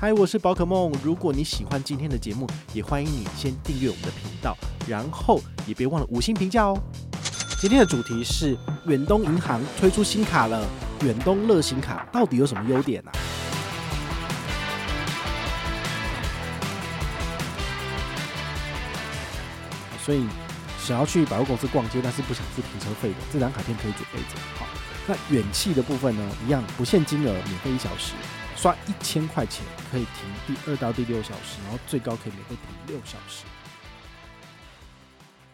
嗨，我是寶可孟。如果你喜歡今天的節目，也歡迎你先訂閱我們的頻道，然後也別忘了五星評價哦。今天的主題是遠東銀行推出新卡了，遠東樂行卡到底有什麼優點呢、啊？所以想要去百貨公司逛街，但是不想付停車費的，這張卡片可以準備着好。那遠企的部分呢，一樣不限金額，免費一小時，刷一千塊錢可以停第二到第六小時，然後最高可以免費停六小時。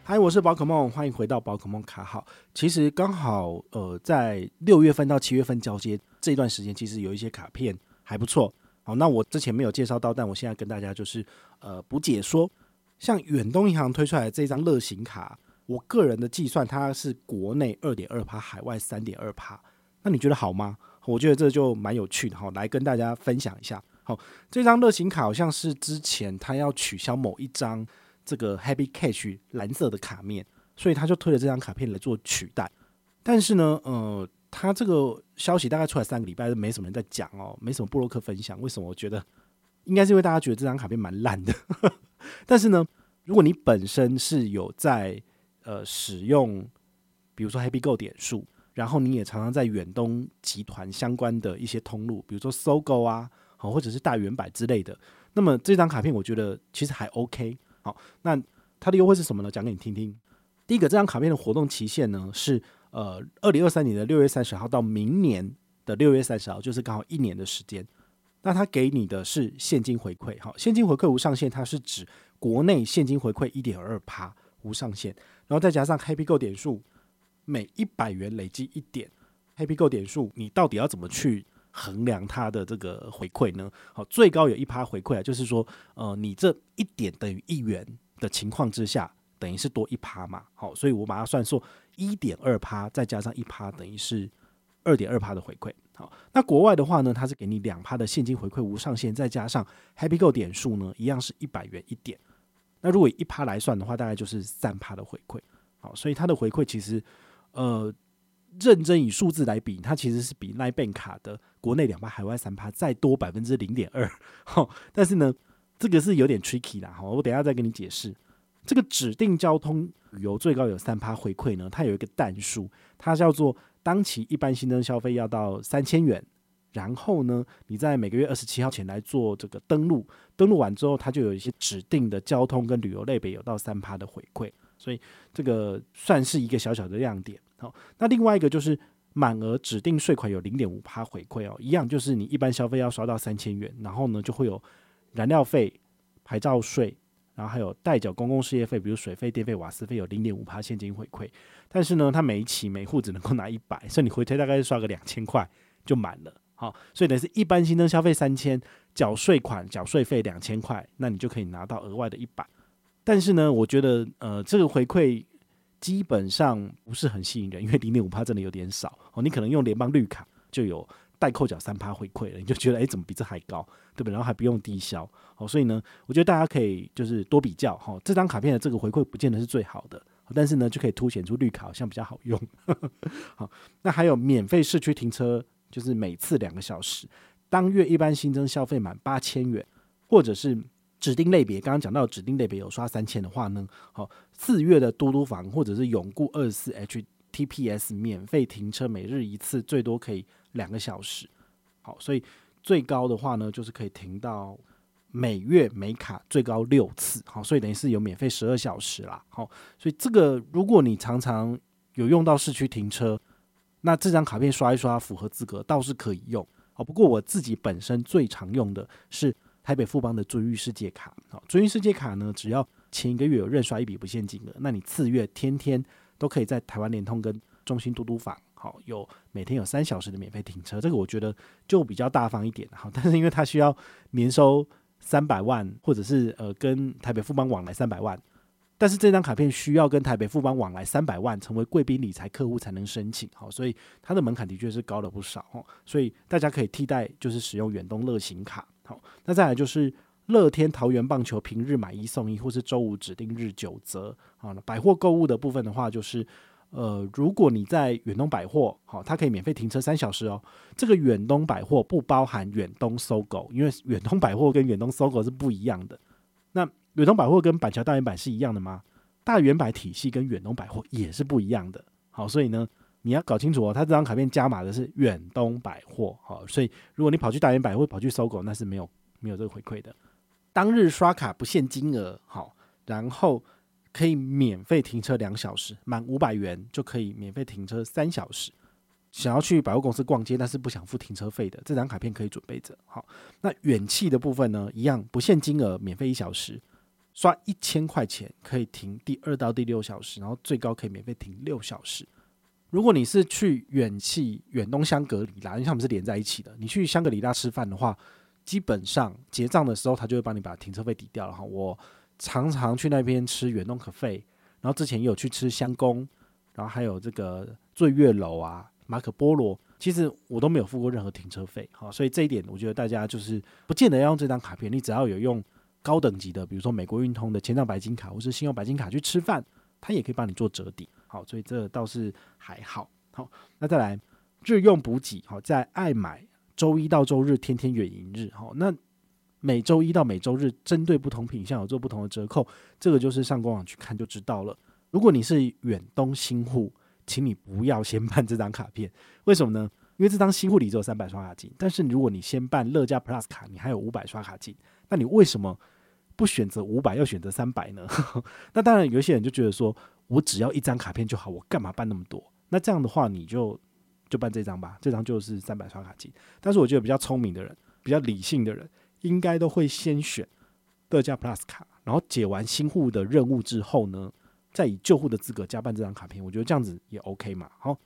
嗨，我是寶可孟，歡迎回到寶可孟卡好。其實剛好呃，在六月份到七月份交接這段時間，其實有一些卡片還不錯。好，那我之前沒有介紹到，但我現在跟大家就是呃補解說，像遠東銀行推出來的這張樂行卡。我個人的計算，它是國內二點二趴，海外三點二趴。那你覺得好嗎？我覺得這就蠻有趣的哈，來跟大家分享一下。好，這張樂行卡好像是之前他要取消某一張這個 Happy Cash 藍色的卡面，所以他就推了這張卡片來做取代。但是呢，呃，他這個消息大概出來三個禮拜，都沒什麼人在講哦，沒什麼部落客分享。為什麼？我覺得應該是因為大家覺得這張卡片蠻爛的。 但是呢，如果你本身是有在呃，使用比如說 HappyGo 點數，然後你也常常在遠東集團相關的一些通路，比如說 SOGO 啊，好或者是大遠百之類的。那麼這張卡片我覺得其實還 OK。好，那它的優惠是什麼呢？講給你聽聽。第一個，這張卡片的活動期限呢是呃二零二三年的六月三十號到明年的六月三十號，就是剛好一年的時間。那它給你的是現金回饋，好，現金回饋無上限，它是指國內現金回饋一點二趴。無上限，然後再加上 HappyGo 點數，每一百元累計一點 HappyGo 點數，你到底要怎麼去衡量它的這個回饋呢？好，最高有一趴回饋啊，就是說，呃，你這一點等於一元的情況之下，等於是多一趴嘛。好，所以我把它算作一點二趴，再加上一趴，等於是二點二趴的回饋。好，那國外的話呢，它是給你兩趴的現金回饋無上限，再加上 HappyGo 點數呢，一樣是一百元一點。那如果以一趴來算的話，大概就是三趴的回饋，好，所以它的回饋其實，呃，認真以數字來比，它其實是比 LINE Bank 卡的國內兩趴、海外三趴再多百分之零點二，好，但是呢，這個是有點 tricky 啦，好，我等一下再跟你解釋，這個指定交通旅遊最高有三趴回饋呢，它有一個但書，它叫做當期一般新增消費要到三千元。然後呢，你在每個月二十七號前來做這個登錄，登錄完之後，它就有一些指定的交通跟旅遊類別有到三趴的回饋，所以這個算是一個小小的亮點。好、哦，那另外一個就是滿額指定稅款有零點五趴回饋哦，一樣就是你一般消費要刷到三千元，然後呢就會有燃料費、牌照稅，然後還有代繳公共事業費，比如水費、電費、瓦斯費有零點五趴現金回饋。但是呢，它每一期每戶只能夠拿一百，所以你回推大概是刷個兩千塊就滿了。好，所以等於是一般新增消費三千，繳稅款繳稅費兩千塊，那你就可以拿到額外的一百。但是呢，我覺得呃這個回饋基本上不是很吸引人，因為零點五趴真的有點少哦。你可能用聯邦綠卡就有代扣繳三趴回饋了，你就覺得誒、欸，怎麼比這還高，對不對？然後還不用低消。好、哦，所以呢，我覺得大家可以就是多比較哈、哦，這張卡片的這個回饋不見得是最好的，但是呢就可以凸顯出綠卡好像比較好用。呵呵好，那還有免費市區停車。就是每次兩個小時，當月一般新增消費滿八千元，或者是指定類別。剛剛講到指定類別有刷三千的話呢，好、哦，四月的嘟嘟房或者是永固二十四 H T P S 免費停車每日一次，最多可以兩個小時。好、哦，所以最高的話呢，就是可以停到每月每卡最高六次。好、哦，所以等於是有免費十二小時啦。好、哦，所以這個如果你常常有用到市區停車，那這張卡片刷一刷符合資格，倒是可以用。不過我自己本身最常用的是台北富邦的尊裕世界卡。好，尊裕世界卡呢，只要前一個月有任刷一筆不限金額，那你次月天天都可以在台灣聯通跟中心嘟嘟房。好，有每天有三小時的免費停車，這個我覺得就比較大方一點。好，但是因為它需要年收三百萬，或者是呃跟台北富邦往來三百萬。但是這張卡片需要跟台北富邦往來三百萬，成為貴賓理財客戶才能申請。好、哦，所以它的門檻的確是高了不少。哦，所以大家可以替代，就是使用遠東樂行卡。好、哦，那再來就是樂天桃園棒球平日買一送一，或是周五指定日九折。好、哦，百貨購物的部分的話，就是呃，如果你在遠東百貨，好、哦，它可以免費停車三小時哦。這個遠東百貨不包含遠東 SOGO，因為遠東百貨跟遠東 SOGO 是不一樣的。那。遠東百貨跟板橋大遠百是一樣的嗎？大遠百體系跟遠東百貨也是不一樣的。好，所以呢，你要搞清楚哦，它這張卡片加碼的是遠東百貨。好，所以如果你跑去大遠百貨，跑去 SOGO，那是沒有沒有這個回饋的。當日刷卡不限金額，好，然後可以免費停車兩小時，滿五百元就可以免費停車三小時。想要去百貨公司逛街，但是不想付停車費的，這張卡片可以準備着。好，那遠企的部分呢，一樣不限金額，免費一小時。刷一千塊錢可以停第二到第六小時，然後最高可以免費停六小時。如果你是去遠去遠東香格里拉，因為它們是連在一起的，你去香格里拉吃飯的話，基本上結賬的時候它就會幫你把停車費抵掉了。哈，我常常去那邊吃遠東咖啡，然後之前也有去吃香宮，然後還有這個醉月樓啊、馬可波羅，其實我都沒有付過任何停車費。哈，所以這一點我覺得大家就是不見得要用這張卡片，你只要有用，高等級的，比如說美國運通的簽帳白金卡或是信用白金卡去吃飯，它也可以幫你做折抵。好，所以這倒是還好。好，那再來日用補給，好、哦，在愛買周一到周日天天遠銀日，好、哦，那每周一到每周日針對不同品項有做不同的折扣，這個就是上官網去看就知道了。如果你是遠東新戶，請你不要先辦這張卡片，為什麼呢？因為這張新戶裡只有三百刷卡金，但是如果你先辦樂家 Plus 卡，你還有五百刷卡金，那你為什麼？不選擇五百，要選擇三百呢？ 那當然，有些人就覺得說我只要一張卡片就好，我幹嘛辦那麼多？那這樣的話，你就就辦這張吧，這張就是三百刷卡金。但是我覺得比較聰明的人，比較理性的人，應該都會先選特價 Plus 卡，然後解完新戶的任務之後呢，再以舊戶的資格加辦這張卡片。我覺得這樣子也 OK 嘛。好，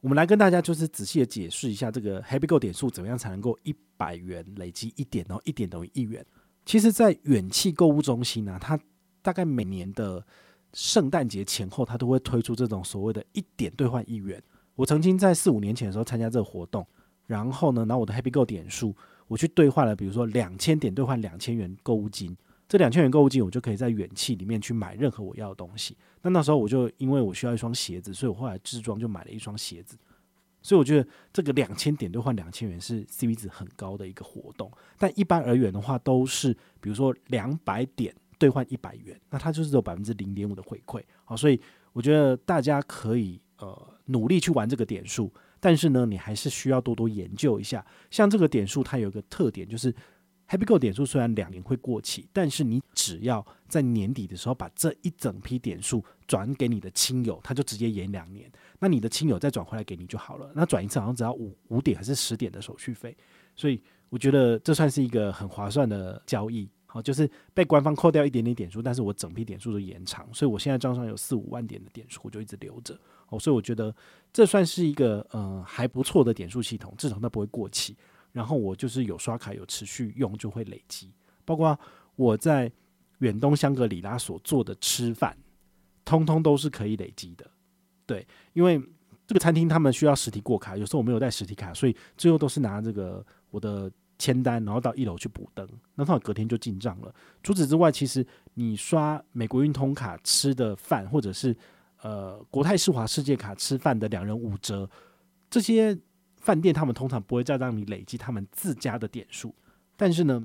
我們來跟大家就是仔細的解釋一下這個 Happy Go 點數怎麼樣才能夠一百元累積一點，然後一點等於一元。其實，在遠企購物中心呢，它大概每年的聖誕節前後，它都會推出這種所謂的一點兌換一元。我曾經在四五年前的時候參加這個活動，然後呢，拿我的 Happy Go 點數，我去兌換了，比如說兩千點兌換兩千元購物金。這兩千元購物金，我就可以在遠企裡面去買任何我要的東西。那那時候，我就因為我需要一雙鞋子，所以我後來置裝就買了一雙鞋子。所以我覺得這個兩千點兌換兩千元是 CP 值很高的一個活動，但一般而言的話都是，比如說兩百點兌換一百元，那它就是有百分之零點五的回饋。好，所以我覺得大家可以呃努力去玩這個點數，但是呢，你還是需要多多研究一下。像這個點數，它有一個特點就是。HappyGo 點數雖然兩年會過期，但是你只要在年底的時候把這一整批點數轉給你的親友，他就直接延兩年。那你的親友再轉回來給你就好了。那轉一次好像只要五五點還是十點的手續費，所以我覺得這算是一個很划算的交易。好、哦，就是被官方扣掉一點點點數，但是我整批點數都延長，所以我現在賬上有四五萬點的點數，我就一直留着。哦，所以我覺得這算是一個嗯、呃、還不錯的點數系統，至少它不會過期。然後我就是有刷卡、有持續用就會累積，包括我在遠東香格里拉所做的吃飯，通通都是可以累積的。對，因為這個餐廳他們需要實體過卡，有時候我沒有帶實體卡，所以最後都是拿這個我的簽單，然後到一樓去補登，那他隔天就進賬了。除此之外，其實你刷美國運通卡吃的飯，或者是呃國泰世華世界卡吃飯的兩人五折，這些。飯店他們通常不會再讓你累積他們自家的點數，但是呢，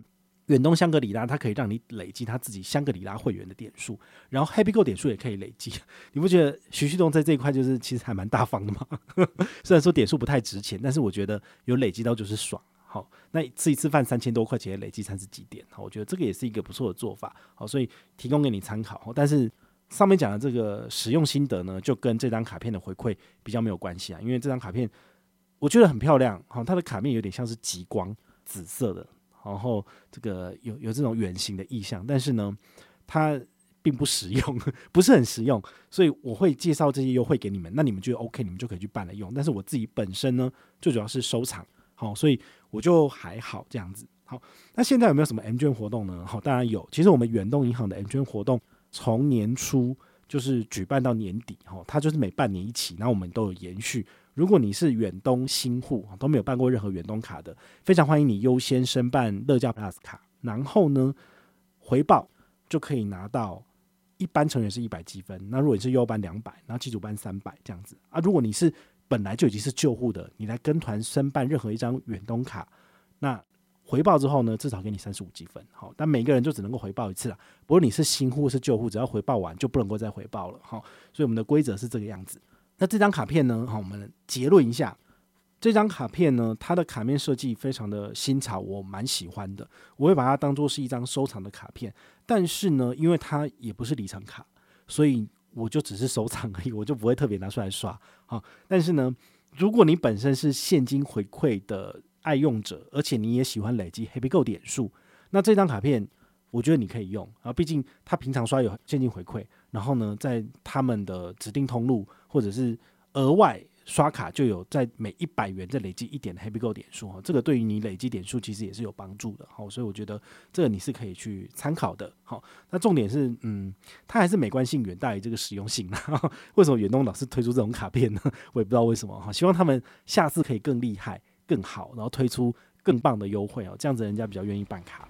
遠東香格里拉它可以讓你累積他自己香格里拉會員的點數，然後 HappyGo 點數也可以累積。你不覺得徐旭東在這一塊就是其實還蠻大方的嗎？ 雖然說點數不太值錢，但是我覺得有累積到就是爽。好，那吃一次飯三千多塊錢累積三十幾點，好，我覺得這個也是一個不錯的做法。好，所以提供給你參考。但是上面講的這個使用心得呢，就跟這張卡片的回饋比較沒有關係啊，因為這張卡片。我覺得很漂亮哈，它的卡面有點像是極光，紫色的，然後這個有有這種圓形的意象，但是呢，它並不實用，不是很實用，所以我會介紹這些優惠給你們，那你們就 OK，你們就可以去辦來用。但是我自己本身呢，最主要是收藏，好，所以我就還好這樣子。好，那現在有沒有什麼 M 券活動呢？好，當然有。其實我們遠東銀行的 M 券活動從年初就是舉辦到年底哈，它就是每半年一期，然後我們都有延續。如果你是遠東新戶，都沒有辦過任何遠東卡的，非常歡迎你優先申辦樂家 Plus 卡，然後呢，回報就可以拿到一般成員是一百積分。那如果你是優班兩百，然後基礎三百這樣子啊。如果你是本來就已經是舊戶的，你來跟團申辦任何一張遠東卡，那回報之後呢，至少給你三十五積分。好，但每個人就只能夠回報一次了。不論你是新戶是舊戶，只要回報完就不能夠再回報了。好，所以我們的規則是這個樣子。那這張卡片呢？好，我們結論一下，這張卡片呢，它的卡面設計非常的新潮，我蠻喜歡的，我會把它當做是一張收藏的卡片。但是呢，因為它也不是哩程卡，所以我就只是收藏而已，我就不會特別拿出來刷。好、啊，但是呢，如果你本身是現金回饋的愛用者，而且你也喜歡累積 HappyGo 點數，那這張卡片我覺得你可以用啊，畢竟它平常刷有現金回饋。然後呢，在他們的指定通路或者是額外刷卡，就有在每一百元再累積一點的 Happy Go 點數啊、哦。這個對於你累積點數其實也是有幫助的，好、哦，所以我覺得這個你是可以去參考的。好、哦，那重點是，嗯，它還是美觀性遠大於這個實用性啊。為什麼遠東老是推出這種卡片呢？我也不知道為什麼哈、哦。希望他們下次可以更厲害、更好，然後推出更棒的優惠哦，這樣子人家比較願意辦卡。